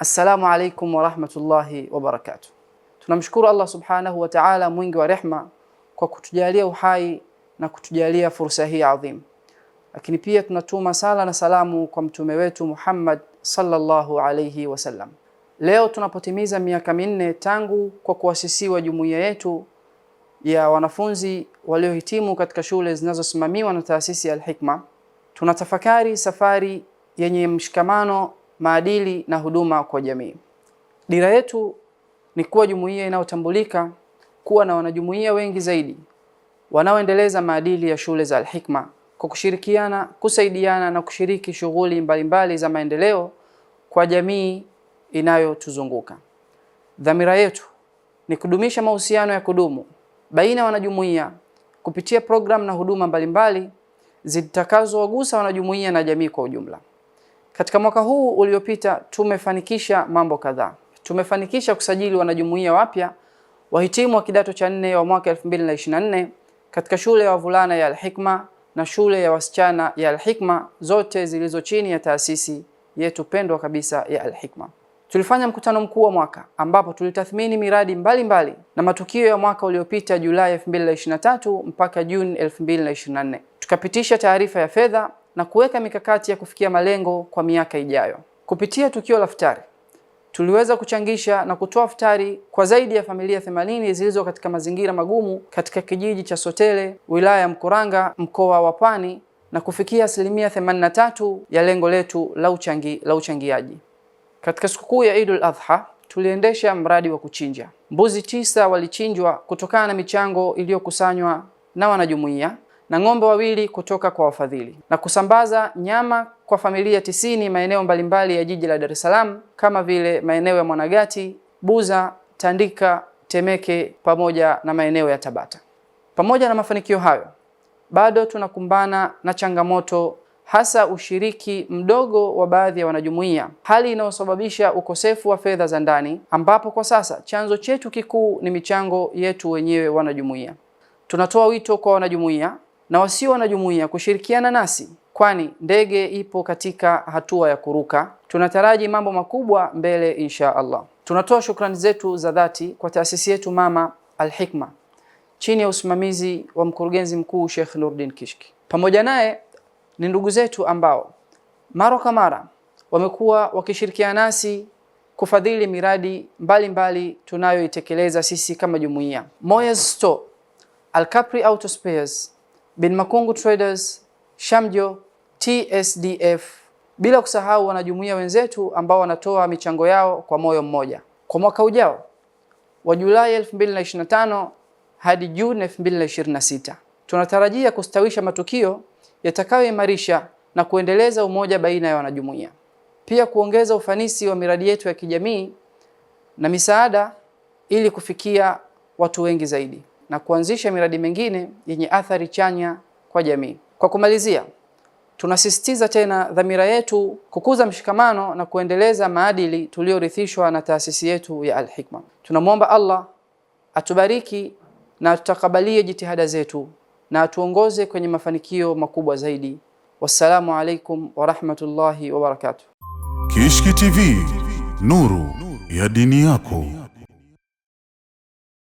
Assalamu alaikum warahmatullahi wabarakatuh. Tunamshukuru Allah subhanahu wa ta'ala mwingi wa rehma kwa kutujalia uhai na kutujalia fursa hii adhim, lakini pia tunatuma sala na salamu kwa mtume wetu Muhammad sallallahu alayhi wasallam. Leo tunapotimiza miaka minne tangu kwa kuasisiwa jumuiya yetu ya wanafunzi waliohitimu katika shule zinazosimamiwa na taasisi ya Al-Hikma, tunatafakari safari yenye mshikamano maadili na huduma kwa jamii. Dira yetu ni kuwa jumuiya inayotambulika kuwa na wanajumuiya wengi zaidi wanaoendeleza maadili ya shule za Alhikma kwa kushirikiana, kusaidiana na kushiriki shughuli mbalimbali za maendeleo kwa jamii inayotuzunguka. Dhamira yetu ni kudumisha mahusiano ya kudumu baina ya wanajumuiya kupitia programu na huduma mbalimbali zitakazowagusa wanajumuiya na jamii kwa ujumla. Katika mwaka huu uliopita tumefanikisha mambo kadhaa. Tumefanikisha kusajili wanajumuiya wapya wahitimu wa kidato cha nne wa mwaka 2024 katika shule ya wavulana ya Al-Hikma na shule ya wasichana ya Al-Hikma zote zilizo chini ya taasisi yetu pendwa kabisa ya Al-Hikma. Tulifanya mkutano mkuu wa mwaka ambapo tulitathmini miradi mbalimbali mbali na matukio ya mwaka uliopita Julai 2023 mpaka Juni 2024. Tukapitisha taarifa ya fedha na kuweka mikakati ya kufikia malengo kwa miaka ijayo. Kupitia tukio la futari, tuliweza kuchangisha na kutoa futari kwa zaidi ya familia 80 zilizo katika mazingira magumu katika kijiji cha Sotele, wilaya ya Mkuranga, mkoa wa Pwani na kufikia asilimia 83 ya lengo letu la uchangi, la uchangiaji. Katika sikukuu ya Idul Adha tuliendesha mradi wa kuchinja mbuzi tisa walichinjwa kutokana na michango iliyokusanywa na wanajumuiya na ng'ombe wawili kutoka kwa wafadhili na kusambaza nyama kwa familia tisini maeneo mbalimbali ya jiji la Dar es Salaam kama vile maeneo ya Mwanagati, Buza, Tandika, Temeke pamoja na maeneo ya Tabata. Pamoja na mafanikio hayo, bado tunakumbana na changamoto hasa ushiriki mdogo wa baadhi ya wanajumuiya, hali inayosababisha ukosefu wa fedha za ndani, ambapo kwa sasa chanzo chetu kikuu ni michango yetu wenyewe wanajumuiya. Tunatoa wito kwa wanajumuiya na wasio wanajumuiya kushirikiana nasi, kwani ndege ipo katika hatua ya kuruka. Tunataraji mambo makubwa mbele insha Allah. Tunatoa shukrani zetu za dhati kwa taasisi yetu mama alhikma chini ya usimamizi wa mkurugenzi mkuu Sheikh Nurdin Kishki. Pamoja naye ni ndugu zetu ambao mara kwa mara wamekuwa wakishirikiana nasi kufadhili miradi mbalimbali tunayoitekeleza sisi kama jumuiya. Moyes Store, Al Capri Auto Spares Bin Makungu Traders, Shamjo, TSDF, bila kusahau wanajumuia wenzetu ambao wanatoa michango yao kwa moyo mmoja. Kwa mwaka ujao wa Julai 2025 hadi Juni 2026 tunatarajia kustawisha matukio yatakayoimarisha na kuendeleza umoja baina ya wanajumuia pia kuongeza ufanisi wa miradi yetu ya kijamii na misaada ili kufikia watu wengi zaidi na kuanzisha miradi mingine yenye athari chanya kwa jamii. Kwa kumalizia, tunasisitiza tena dhamira yetu kukuza mshikamano na kuendeleza maadili tuliyorithishwa na taasisi yetu ya Al-Hikma. Tunamwomba Allah atubariki na atutakabalie jitihada zetu na atuongoze kwenye mafanikio makubwa zaidi. Wassalamu alaikum warahmatullahi wabarakatuh. Kishki TV, nuru ya dini yako.